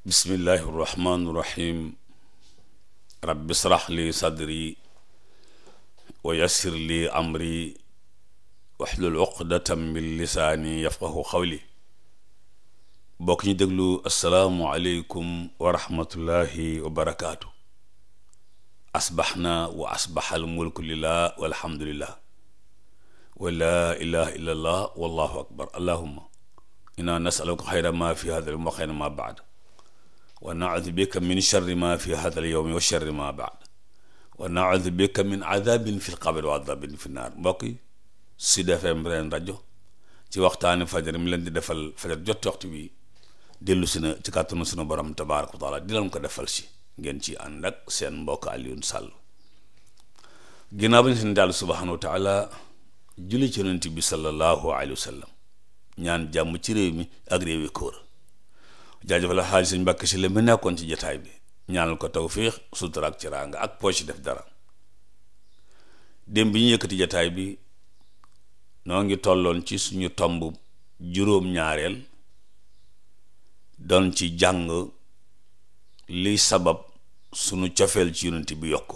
bismillahi irrahmani irrahim rabbi srah li sadri wa yassir li amri waxlul uqdatam min lisaani yafqahu xawli bokk ñu déglu assalaamu aleykum wa rahmatullahi wa barakaatu asbaxna wa asbaxal mulku lillah walhamdulillah wa laa ilaha illa allah wallahu akbar allahuma inna nasaluka xayra ma fi hada l wa xayra ma baad wa naudu bika min sharri ma fi hada al yowmi wa sharri ma baad wa naudu bika min adabin fi lqabri wa adabin fi naar mbokk yi Sud FM ren rajo ci waxtaani fajar mi leen di defal fajar jotti waxtu bi dellu si na ci kàttanu sunu borom tabaaraka wa taala di leen ko defal si ngeen ci ànd ak seen mbokk Alioune Sall ginnaaw ba ñu seen daal subhaanahu wa taala julli ci yonent bi sallallahu alayhi wa sallam ñaan jàmm ci réew mi ak réew yi ko wër jaajëfal xaaj sëñ Mbàkke si la mu nekkoon ci jataay bi ñaanal ko tawfiix sutura ak ciraanga ak ci def dara démb bi ñu yëkkati jataay bi noo ngi tolloon ci suñu tomb juróom-ñaareel doon ci jàng liy sabab suñu cofeel ci yonent bi yokk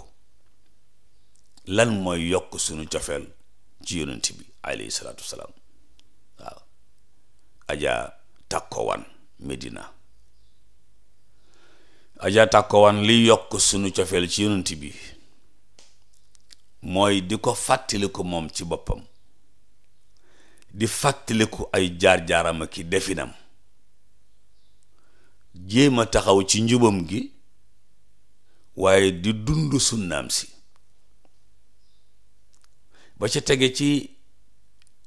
lan mooy yokk suñu cofeel ci yonent bi alayhi salaatu wasalaam waaw aja tàkkowan Medina aja wan li yokk sunu cofeel ci yonent bi mooy di ko fàttaliku moom ci boppam di fàttaliku ay jaar-jaaram ak definam jéem a taxaw ci njubam gi waaye di dund sunnaam si ba ca tege ci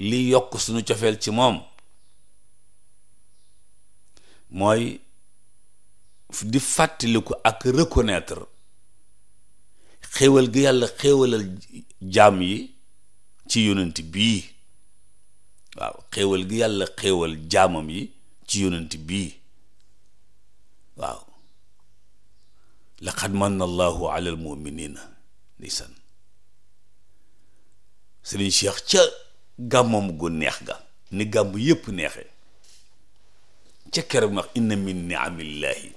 li yokk sunu cofeel ci moom mooy di fàttaliku ak reconnaître xéewal gi yàlla xéewalal jaam yi ci yonent bii waaw xéewal gi yàlla xéewal jaamam yi ci yonent bii waaw laqad manna allahu ala al muminina ndeysaan sëriñ Cheikh ca gàmmam gu neex ga ni gàmm yépp neexee ca keroog ma wax inna min niamillaahi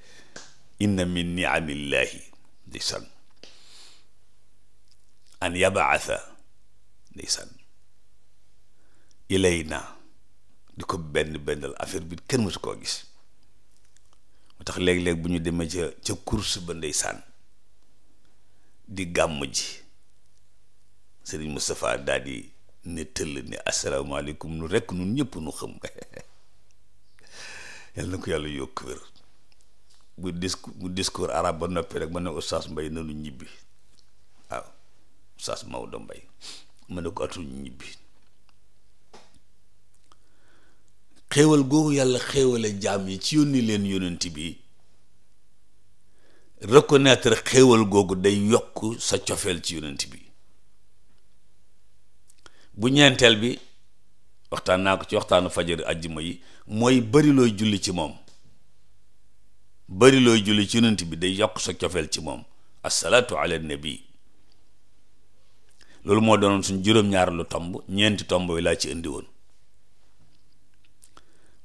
inna min niamillaahi ndeysaan an yabaasa ndeysaan ilayna di ko benn bennal affaire bi kenn mësu koo gis moo tax léeg-léeg bu ñu demee ca ca course ba ndeysaan di gàmm ji sëriñ Moustapha daal di ne tëll ne asalaamaaleykum nu rekk nun ñëpp nu xam yàlla na ko yàlla yokk wér bu discours bu discours arabe ba noppi rek ma ne oustaz Mbaye nanu ñibbi waaw oustaz Maodo mbay ma ne ko atuñ ñibbi xéewal googu yàlla xéewale jaam yi ci yónni leen yónent bi reconnaître xewal googu day yokk sa cofeel ci yónent bi bu ñeenteel bi waxtaan naa ko ci waxtaanu fajar ajjuma yi mooy bari julli ci moom bari julli ci yonent bi day yokk sa cofeel ci moom asalaatu ala nabi loolu moo doonoon suñ juróom-ñaar lu tomb ñeenti tomb bi laa ci indi woon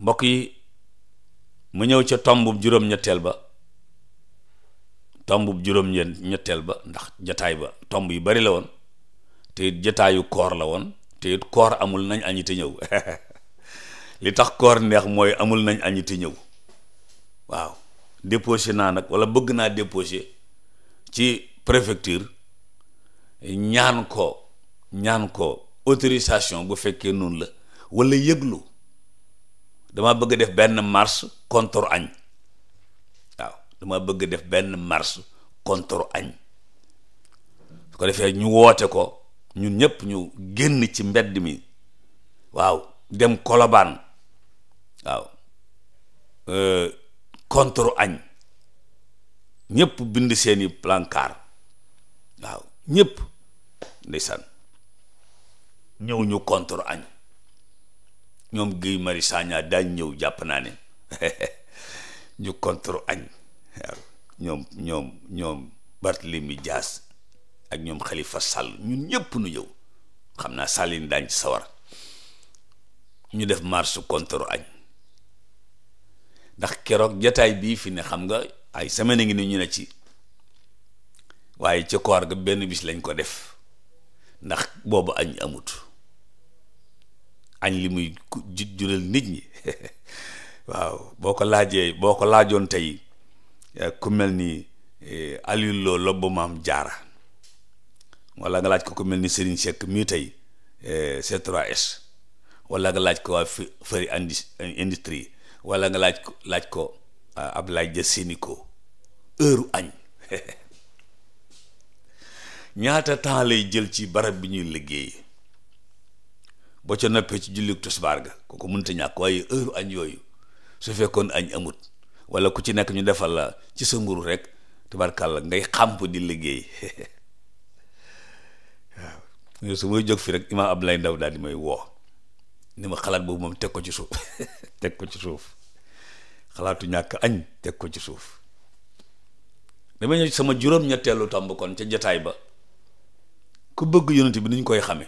mbokk yi mu ñëw ca tombub juróom-ñetteel ba tombub juróom-ñetteel ba ndax jataay ba tomb yu bari la woon te jataayu koor la woon te it koor amul nañ añi te ñëw li tax koor neex mooy amul nañ añi te ñëw waaw déposé naa nag walla bëgg naa déposé ci préfecture ñaan ko ñaan ko autorisation bu fekkee noonu la walla yëglu dama bëgg def benn marche contre añ waaw dama bëgg def benn marche contre añ su ko defee ñu woote ko ñu ñëpp ñu génn ci mbedd mi waaw dem kolobaan waaw euh, contre añ ñëpp bind seeni pancarte waaw ñëpp ndeysaan ñëw ñu contre añ ñoom Guy Marius Sagna daañ ñëw jàpp naa ne ñu contre añ waaw ñoom ñoom ñoom Barthélemy Dias ak ñoom xalifa Sall ñun ñëpp nu ñëw xam naa sàllin daañ ci sawar ñu def marche contre añ ndax keroog jataay bii fi ne xam nga ay semaine ngi ni ñu ne ci waaye ci koor ga benn bis lañ ko def ndax boobu añ amut añ li muy jural nit ñi waaw boo ko laajee boo ko laajoon tey eh, ku mel ni eh, Aliou Lo lobbu maam jaara wala nga laaj ko ko mel ni Serigne Seck mii tey eh, C3S nga laaj ko waa Fari industrie wala nga laaj ko laaj ko ab ah, Abdoulaye Dia Sénico heure añ ñaata temps lay jël ci barab bi ñuy liggéey ba ca noppee ci julli tisbaar ga kooku mënta ñàkk waaye heure añ yooyu su fekkoon añ amut wala ku ci nekk ñu defal la ci sa mburu rek tubarkàlla ngay xàmp di liggéey su may jóg fi rek imaam lay Ndaw daal di may woo ni ma xalaat boobu moom teg ko ci suuf teg ko ci suuf xalaatu ñàkk añ teg ko ci suuf dama ñëw sama juróom-ñetteelu tomb kon ca jataay ba ku bëgg yonent bi nuñ koy xame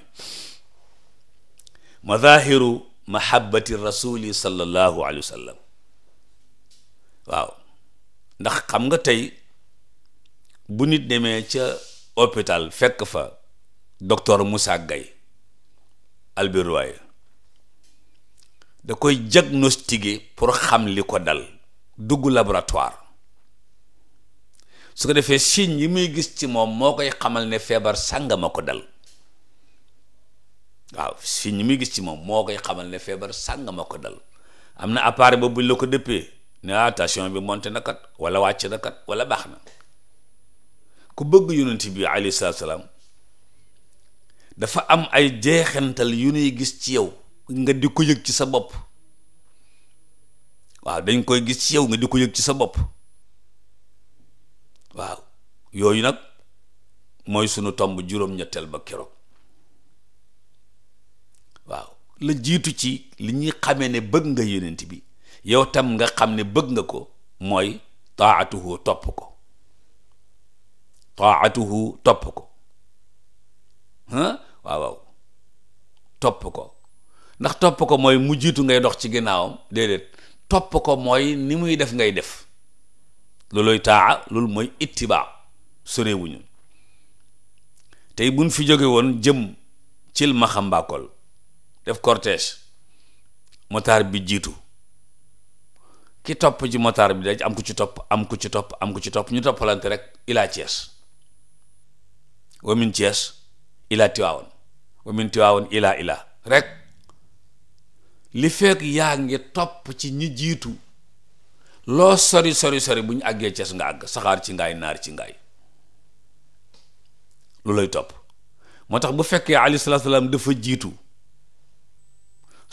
madaahiru mahabbati rasuli sallallahu alayhi wa sallam waaw ndax xam nga tey bu nit demee ca hôpital fekk fa docteur Moussa gay Albert Royer da koy diagnostiquer pour xam li ko dal dugg laboratoire su ko defee signe yi muy gis ci moom moo koy xamal ne feebar sàngama ko dal waaw signe yi muy gis ci moom moo koy xamal ne feebar sàngama ko dal am na appareil ba buñ la ko dëppee ne attention ah, bi monte na kat wala wàcc na kat wala baax na ku bëgg yonent bi alayhi salaam dafa am ay jeexantal yu ñuy gis ci yow nga di ko yëg ci sa bopp waaw dañ koy gis ci yow nga di ko yëg ci sa bopp waaw yooyu nag mooy sunu tomb juróom-ñetteel ba keroog waaw la jiitu ci li ñuy xamee ne bëgg nga yonent bi yow tam nga xam ne bëgg nga ko mooy taatuhu topp ko taatuhu topp ko ah waaw waaw topp ko ndax topp ko mooy mu jiitu ngay dox ci ginnaawam déedéet topp ko mooy ni muy def ngay def looloy taa loolu mooy ittibaa sorewuñu tey buñ fi jóge woon jëm cil ma xambakol def cortège motaar bi jiitu ki topp ci motaar bi daj am ku ci topp am ku ci topp am ku ci topp ñu toppalante rek ilaa Thiès wamin Thiès ilaa tiwaawoon wa min tiwaawoon ilaa ilaa rek li fekk yaa ngi topp ci ñi jiitu loo sori sori sori bu ñu àggee ces nga àgg saxaar ci ngaay naar ci ngaay lu lay topp moo tax bu fekkee alayhi salaatu salaam dafa jiitu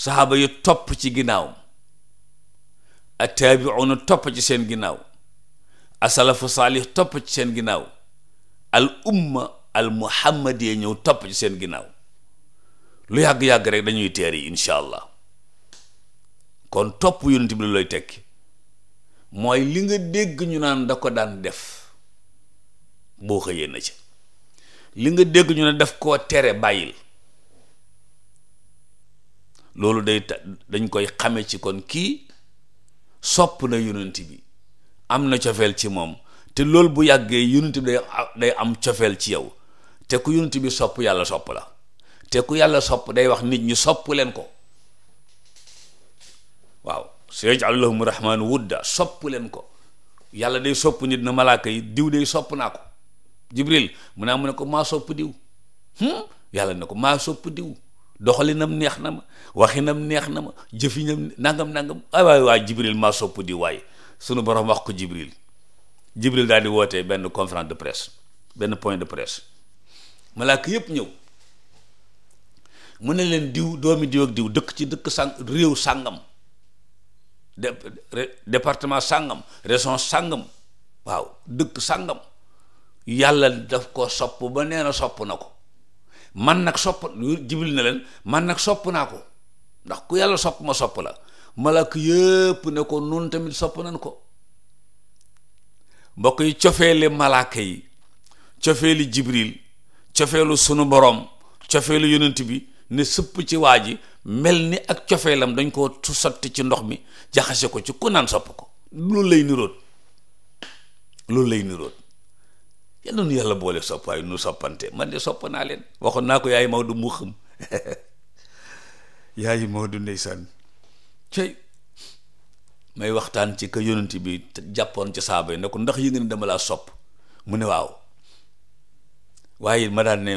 saxaaba yi topp ci ginnaaw ginnaawam attaabiuuna topp ci seen ginnaaw asalafu saalih topp ci seen ginnaaw al al muhammad yee ñëw topp ci seen ginnaaw lu yàgg-yàgg rek dañuy teer yi incha allah kon topp yonent bi lu lay tekki mooy li nga dégg ñu naan da ko daan def boo xëyee li nga dégg ñu ne daf koo tere bàyyil loolu day dañ koy xame ci kon kii sopp na yonent bi am na cofeel ci moom te loolu bu yàggee yonent bi day day am cofeel ci yow te ku yonent bi sopp yàlla sopp la te ku yàlla sopp day wax nit ñi sopp leen ko waaw sayaj'alu lahumu rahmaanu wudda sopp leen ko yàlla day sopp nit na malaaka yi diw day sopp naa ko jibril mu naa mu ne ko maa sopp diw hmm? yàlla ne ko maa sopp diw doxalinam neex na ma waxinam neex na ma jëfinam nangam nangam ay waay waay jibril maa sopp diw waay sunu borom wax ko jibril jibril daal di wootee benn conférence de presse benn point de presse malaaka yépp ñëw mu ne leen diw doomi diw ak diw dëkk ci dëkk sàng réew sàngam de département sàngam région sangam waaw dëkk sangam yàlla daf ko sopp ba nee na sopp na ko man nag sopp jibil man nag sopp naa ko ndax ku yàlla sopp ma sopp la malak yépp ne ko nun tamit sopp nañ ko mbokk yi cofeeli malaaka yi cofeeli jibril cofeelu sunu boroom cofeelu yonanti bi ne sëpp ci waa ji mel ni ak cofeelam dañ ko su sotti ci ndox mi jaxase ko ci ku naan sopp ko loolu lay niroot loolu lay niroot yal na nu yàlla boole sopp waaye nu soppante man de sopp naa leen waxoon naa ko yaay Maodo du xam yaay Maodo ndeysaan cey may waxtaan ci ka yonent bi jàppoon ci saaba yi ne ko ndax yi dama laa sopp mu ne waaw waaye ma daan ne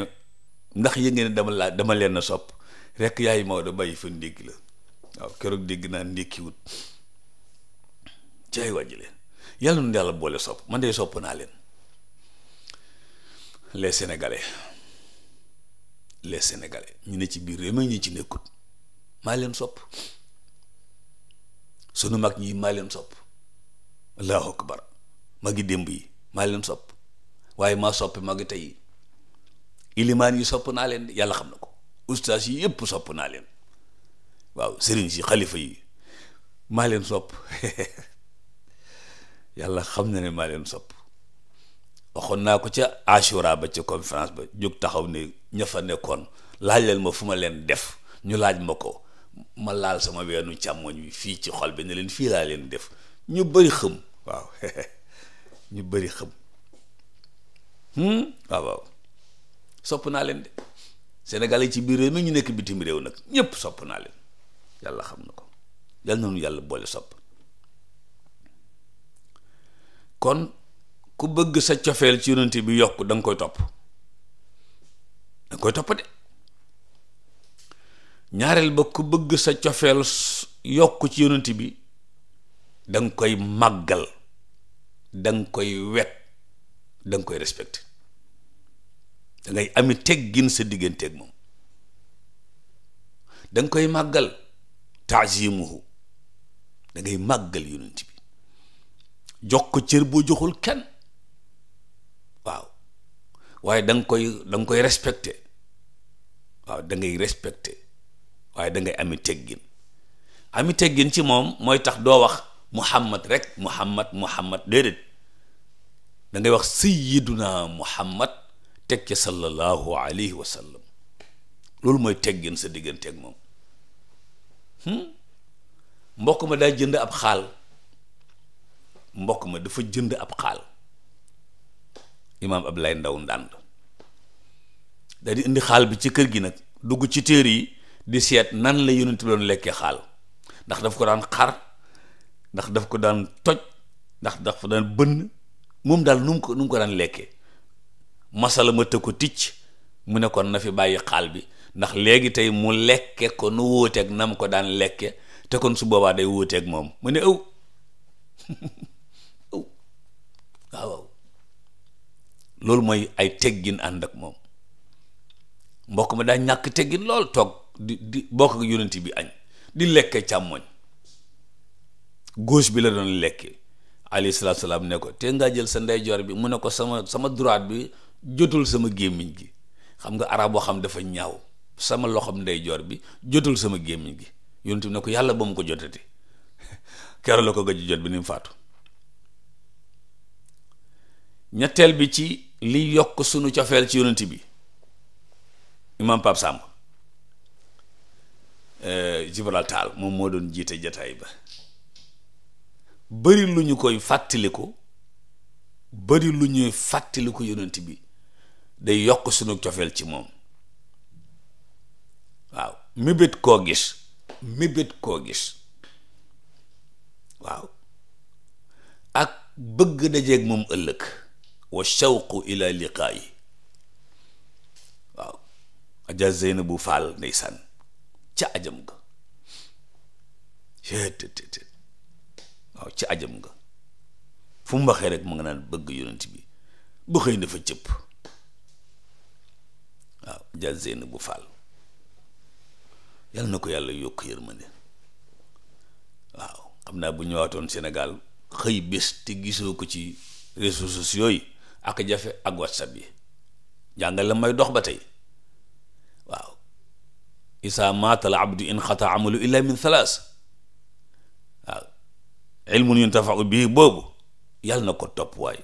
ndax yëg ngeen dama laa dama leen a sopp rekk yaay Maodo bàyyi fa ndékki la waaw keroog dégg naa ndékkiwut caay wàjj leen yàlla nu yàlla boole sopp man de sopp naa leen les sénégalais les sénégalais ñu ne ci biir réew mi ci nekkut maa leen sopp sunu mag ñi maa leen sopp allahu akbar magi démb yi maa leen sopp waaye maa soppi magi tey ilimaan yi sopp naa leen de yàlla xam na ko ustaas yi yépp sopp naa leen waaw sëriñ si xalifa yi maa leen sopp yàlla xam na ne maa leen sopp waxoon naa ko ca Ashura ba ca conférence ba jóg taxaw ne ña nekkoon laaj leen ma fu ma leen def ñu laaj ma ko ma laal sama weenu càmmoñ bi fii ci xol bi ne leen fii laa leen def ñu bëri xëm waaw ñu bëri xëm hmm? waaw waaw sopp naa leen de Sénégal yi ci biir réew mi ñu nekk bitim réew nag ñëpp sopp naa leen yàlla xam na ko yàlla na yàlla boole sopp kon ku bëgg sa cofeel ci yonanti bi yokk da koy topp da nga koy ñaareel ba bëgg sa cofeel yokk ci yonent bi da koy màggal da koy wet danga koy respecté da ngay ami teggin sa digganteeg moom danga koy màggal taazimuhu da ngay màggal yonent bi jox ko cër boo joxul kenn waaw waaye danga koy danga koy respecté waaw dangay ngay respecté waaye dangay ngay ami teggin ami teggin ci moom mooy tax doo wax muhammad rek muhammad muhammad déedéet da ngay wax sayyiduna muhammad teg ca sallallahu alayhi wa sallam loolu mooy teggin sa digganteeg moom hmm? mbokk ma daa jënd ab xaal mbokk ma dafa jënd ab xaal imaam lay Ndaw ndànd daa di indi xaal bi ci kër gi nag dugg ci téer yi di seet nan la yonent doon lekkee xaal ndax daf ko daan xar ndax daf ko daan toj ndax daf ko daan bënn moom daal nu mu ko nu mu ko daan lekke masala ma të ko ticc mu ne kon na fi bàyyi xaal bi ndax léegi tey mu lekke ko nu wóoteeg nam ko daan lekke te kon su boobaa day wóoteeg moom mu ne ëw ëw waaw loolu mooy ay teggin ànd ak moom mbokk ma daa ñàkk teggin lool toog di di bokk ak yonent bi añ di lekke càmmoñ gauche bi la doon lekke alayhi salaatu salaam ne ko te ngaa jël sa ndeyjoor bi mu ne ko sama sama droite bi jotul sama gémmiñ gi xam nga arab boo xam dafa ñaaw sama loxom ndeyjoor bi jotul sama gémmiñ gi yonent bi ne ko yàlla ba mu ko jotati keroog la ko gëj jot bi ni mu faatu ñetteel bi ci li yokk sunu cofeel ci yonent bi imam Pape Samb euh, Jibril Taal moom moo doon jiite jataay ba bari lu ñu koy fàttaliku bëri lu ñuy fàttaliku yonent bi day yokk sunu cofeel ci moom waaw mébét koo gis mébét koo gis waaw ak bëgg dajeeg moom ëllëg wa shawqu ila liqaa waaw aja Zeynabu Faal ndeysaan ca ajam nga tëttë waaw ca ajam nga fu mu rek mu nga naan bëgg yonent bi ba xëy na cëpp waaw jal Zeyna bu Fall yàlla na ko yàlla yokk yërmande waaw xam naa bu ñëwaatoon Sénégal xëy bés te gisoo ko ci réseaux sociaux yi ak jafe ak whatsapp yi jàngal may dox ba tey waaw isaa maatal abdu in xata amalu illa min thalaas waaw ilmun yuntafau bii boobu yàlla na ko topp waay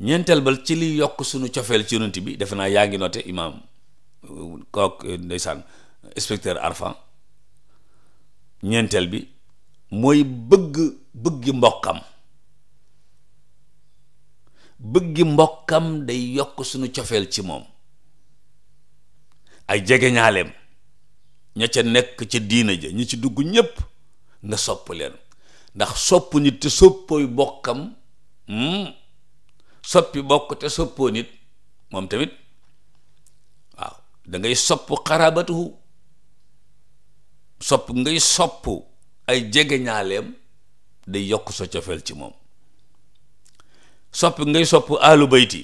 ñeenteel ba ci li yokk suñu cofeel ci yonent bi defe naa yaa ngi noté imaam kook ndeysaan inspecteur Arfan ñeenteel bi mooy bëgg bëggi mbokkam bëggi mbokkam day yokk suñu cofeel ci moom ay jegeñaaleem ña ca nekk ca diina ja ñu ci dugg ñépp nga sopp leen ndax sopp nit te soppooy mbokkam hmm, soppi bokk te soppoo nit moom tamit waaw dangay ngay sopp xaraabatuhu sopp ngay sopp ay jegeñaaleem day yokk sa cofeel ci moom sopp ngay sopp alu bayti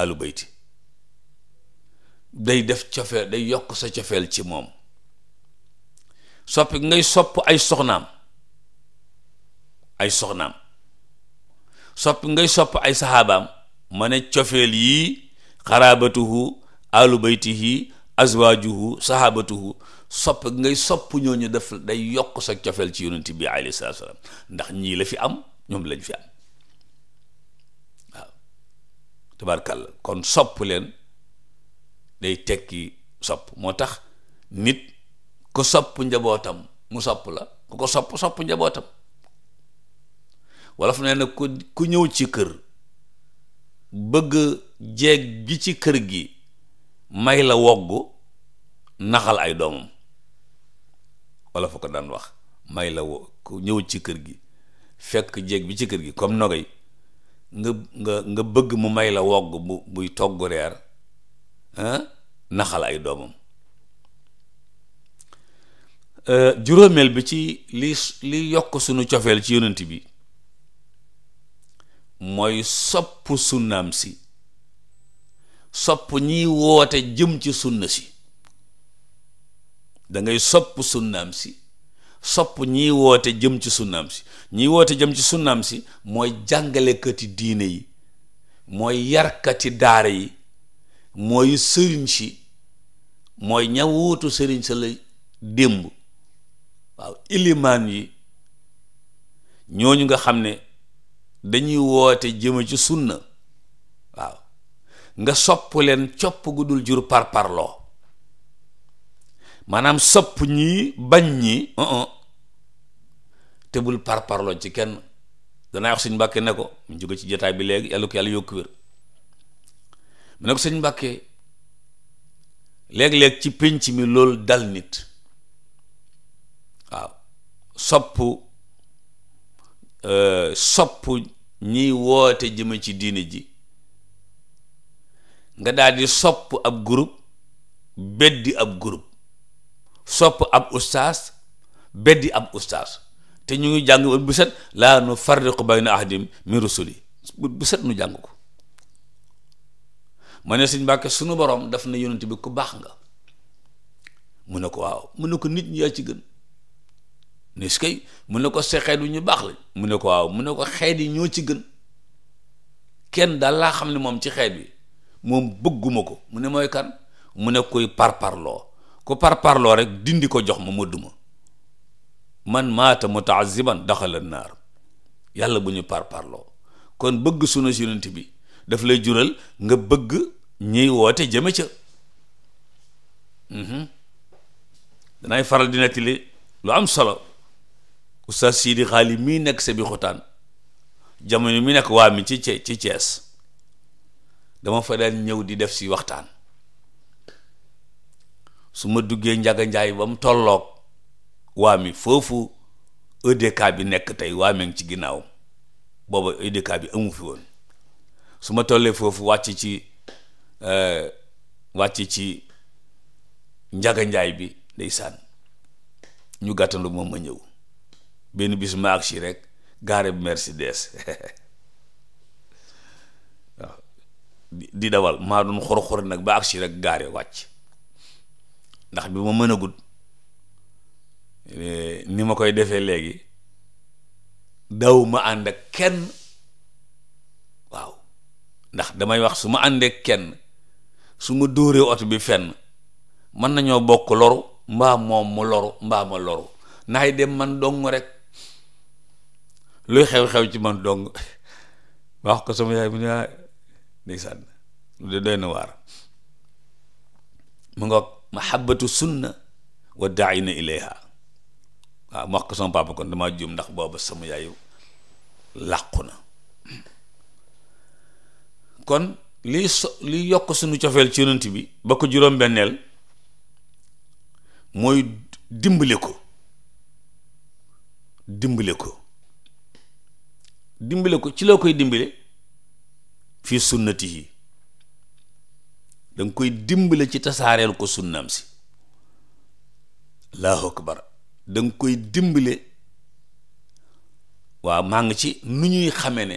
alu bayti day def cofeel day yokk sa cofeel ci moom soppi ngay sopp ay soxnaam ay soxnaam sopp ngay sopp ay saxaabaam ma ne cofeel yii xaraabatuhu alu baytihi azwaajuhu saxaabatuhu sopp ngay sopp ñooñu def day yokk sa cofeel ci yonent bi alayhi salaam ndax ñii la fi am ñoom lañ fi am waaw tabarkàlla kon sopp leen day tekki sopp moo tax nit ku sopp njabootam mu sopp la ku ko sopp sopp njabootam wolof ne na ku ku ñëw ci kër bëgg jeeg bi ci kër gi may la wogg naxal ay doomam wala fa ko daan wax may la wo ku ñëw ci kër gi fekk jeeg bi ci kër gi comme nogay nga nga nga bëgg mu may la wogg bu buy togg reer naxal ay doomam euh, juróomeel bi ci li li yokk sunu cofeel ci yonent bi mooy sopp sunnaam si sopp ñiy woote jëm ci sunna si sunnaam si ñiy woote jëm ci sunnaam si ñiy woote jëm mooy jàngalekati diine yi mooy yarkati daara yi mooy sëriñ si mooy ña sëriñ sa la démb waaw ilimaan yi ñooñu nga xam ne dañuy woote jëma ci sunna waaw nga sopp leen copp gu dul jur par parloo maanaam sopp ñi bañ ñi te bul par parloo ci kenn danaa wax sëñ Mbàkke ne ko mu jóge ci jotaay bi léegi yàlla ko yàlla yokku wér mu ne ko sëñ Mbàkke léeg-léeg ci pénc mi loolu dal nit waaw sopp Euh, sopp ñi woote jëme ci diine ji nga daal di sopp ab groupe beddi ab groupe sopp ab ustaas beddi ab ustaas te ñu ngi jàng bu set laa nu farriqu bayna ahadim min rusuli bu set nu jàng ko ma ne suñ Mbàkke sunu borom daf na yonent bi ku baax nga mu ne ko waaw mu ne ko nit ñi yaa ci gën ne su kay mu ne ko sa xeet ñu baax la mu ne ko waaw mu ne ko xeet yi ñoo ci gën kenn daal laa xam ne moom ci xeet bi moom bëgguma ko mu ne mooy kan mu ne koy parparloo ku parparloo rek dindi ko jox ma ma duma man maata mutaaziban daxala naar yàlla bu ñu parparloo kon bëgg sunu yonent bi daf lay jural nga bëgg ñuy woote jëme ca mhm. danay faral dina nettali lu am solo oustaz Sidi Xaali mii nekk sa bi xutaan jamono mi nekk waa mi ci ci ci Cees dama fa ñëw di def si waxtaan su ma duggee njaga njaay ba mu tolloog waa mi foofu EDK bi nekk tey waa mi ngi ci ginnaaw booba EDK bi amu woon su ma tollee foofu wàcc ci euh, wàcc ci njaga njaay bi ndeysaan ñu gàttandu moom ma ñëw benn bis ma agsi rek gaare bu Mercedes waaw di dawal maa doon xor-xor nag ba agsi rek gaare wàcc ndax bi ma mën a gudd eh, ni ma koy defee léegi daw ma ànd ak kenn waaw ndax damay wax su ma àndee kenn su ma dóoree oto bi fenn mën nañoo bokk loru mbaa moom mu loru mbaa ma loru naay dem man dong rek lu xew-xew ci man dong wax ko sama yaay mu ne ah ndeysaan lu de doy na waar mu nga mahabbatu sunna wa daayina ilayha waaw ma wax ko sama papa kon damaa juum ndax booba sama yaayu làqu na kon liy so liy yokk sunu cofeel ci yonent bi ba ko juróom-benneel mooy dimbale ko dimbale ko dimbale ko ci loo koy dimbale fii sunnati yi da koy dimbale ci tasaareel ko sunnaam si allahu akbar bara nga koy dimbale waaw maa ngi ci nu ñuy xamee ne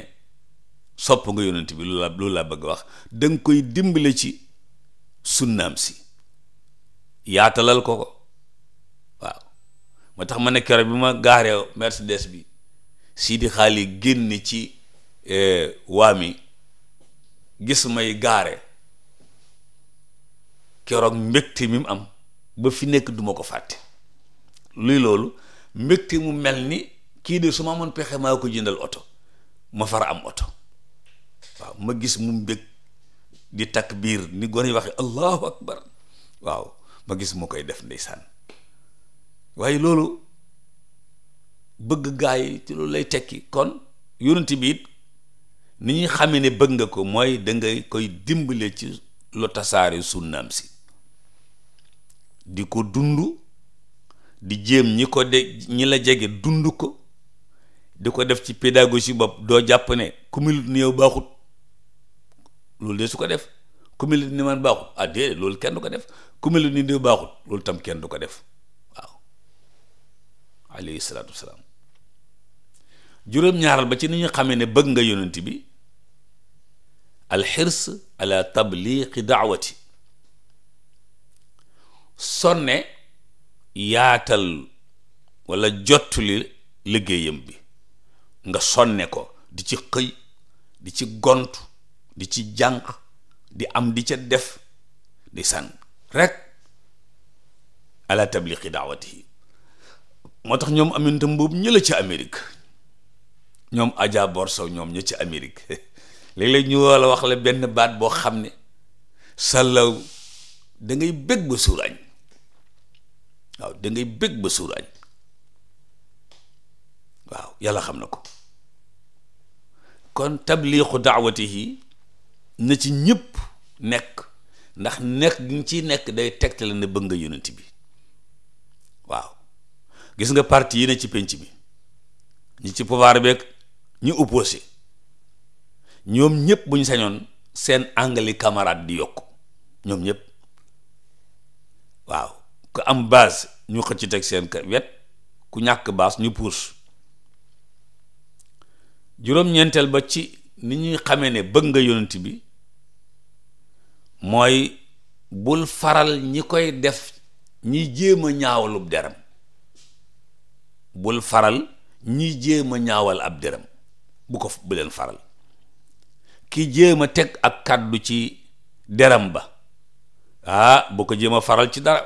sopp nga yonent bi loolu laa bëgg wax da koy dimbale ci sunnaam si yaatalal ko ko waaw moo tax ma ne keroog bi ma gaaree Mercedes bi Sidi Xaali génn ci eh, waami gis may gaare keroog mbégte mi mu am ba fi nekk duma ko fàtte luy loolu mbégte mu mel ni kii de su ma amoon pexe maa ko jëndal oto ma far am oto waaw ma gis mu mbég di takk biir ni gone yi waxe allahu akbar waaw ma gis mu koy def ndeysaan waaye loolu bëgg gaa yi ci loolu lay tekki kon yonent biit it ni ñuy xamee ne bëgg nga ko mooy da nga koy dimbale ci lu tasaare sunnaam si di ko dund di jéem ñi ko de ñi la jege dund ko di ko def ci si bopp doo jàpp ne ku milut ni yow baaxut loolu de su ko def ku milut ni man baaxut ah loolu kenn ko def ku milut ni yow loolu tam kenn du ko def waaw alayhi salaatu wasalaam juróom-ñaaral ba ci ni ñu xamee ne bëgg nga yonent bi alxirs ala tabliqi daawati sonne yaatal wala jottuli liggéeyam bi nga sonne ko di ci xëy di ci gont di ci jànq di am di ca def di san rek ala tabliqi daawati moo tax ñoom aminta mboobu ñëla ca amerik ñoom Adja Borso ñoom ña ci Amérique léeg-léeg ñu wala wax la benn baat boo xam ne sallaw dangay ngay bëgg ba suuraañ waaw da bëgg ba suuraañ waaw yàlla xam na ko kon tabliixu daawatihi na ci ñëpp nekk ndax nekk gi ciy nekk day tegtale na bëgg nga yonent bi waaw gis nga parti yi ne ci pénc bi ñi ci pouvoir beeg ñu opposé ñoom ñëpp buñ ñu sañoon seen angali camarade di yokk ñoom ñëpp waaw ku am baas ñu xëcc teg seen wet ku ñàkk baas ñu puus juróom-ñeenteel ba ci ni ñu xamee ne bëgg nga yonent bi mooy bul faral ñi koy def ñi jéem a ñaawalub deram bul faral ñi jéem a ñaawal ab deram bu ko bu leen faral ki jéem a teg ak kàddu ci deram ba ah bu ko jéem a faral ci dara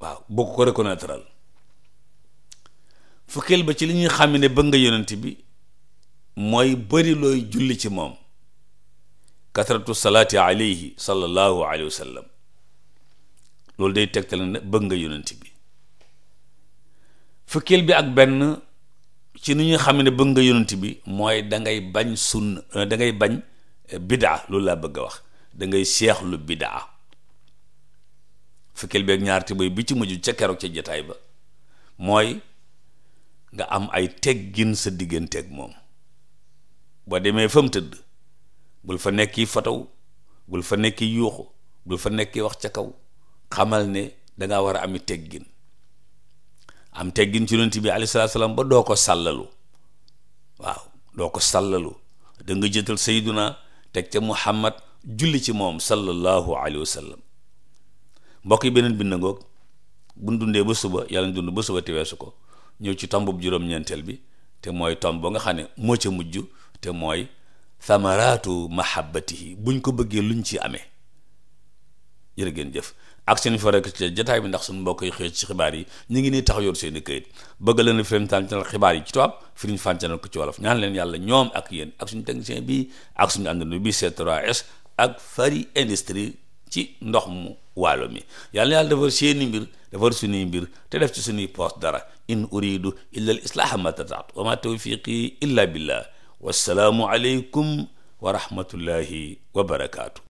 waaw boo ko ko reconnaître fukkeel ba ci li ñuy xam bëgg nga yonent bi mooy bëri looy julli ci moom kasratu salaati alayhi sallallahu alayhi wa sallam loolu day tegtal ne bëgg nga yonent bi fukkeel bi ak benn ci ni ñu xam ne bëgg nga yonent bi mooy dangay bañ sunn euh, dangay bañ euh, bidaa loolu laa bëgg a wax da ngay seexlu bidaa fukkeel beeg ñaar tibay bi ci mujj ca keroog ca jataay ba mooy nga am ay teggin sa diggante ak moom boo demee fa mu tëdd bul fa nekki fotow bul fa nekki yuuxu bul fa nekki wax ca kaw xamal ne danga war a ami teggin am teggin ci yonent bi alayhi salaatu salaam ba doo ko sàllalu waaw doo ko sàllalu da nga jëtal sayduna teg ca muhammad julli ci moom sallallahu alayhi wa sallam mbokk yi beneen bind ngoog buñ dundee ba suba yàlla ñu dund ba suba te ko ñëw ci tomb bu juróom-ñeenteel bi te mooy tomb ba nga xam ne moo ca mujj te mooy thamaraatu mahabbatihi buñ ko bëggee luñ ci amee jërë ngeen jëf ak seen fa rek ci jotaay bi ndax suñu mbokk yi xëy ci xibaar yi ñu ngi nii tax yor seen i këyit bëgg leen firiñ fàncanal yi ci tubaab firiñ fàncanal ko ci wolof ñaan leen yàlla ñoom ak yéen ak suñu technicien bi ak suñu àndandoo bi C3S ak Fari Industrie ci ndox mu waalo mi yàlla na yàlla defar seeni mbir defar suñuy mbir te def ci suñuy poos dara in uridu illa al islaaha ma tataat wa ma tawfiqi illa billah wassalaamu aleykum wa rahmatullahi wa barakaatu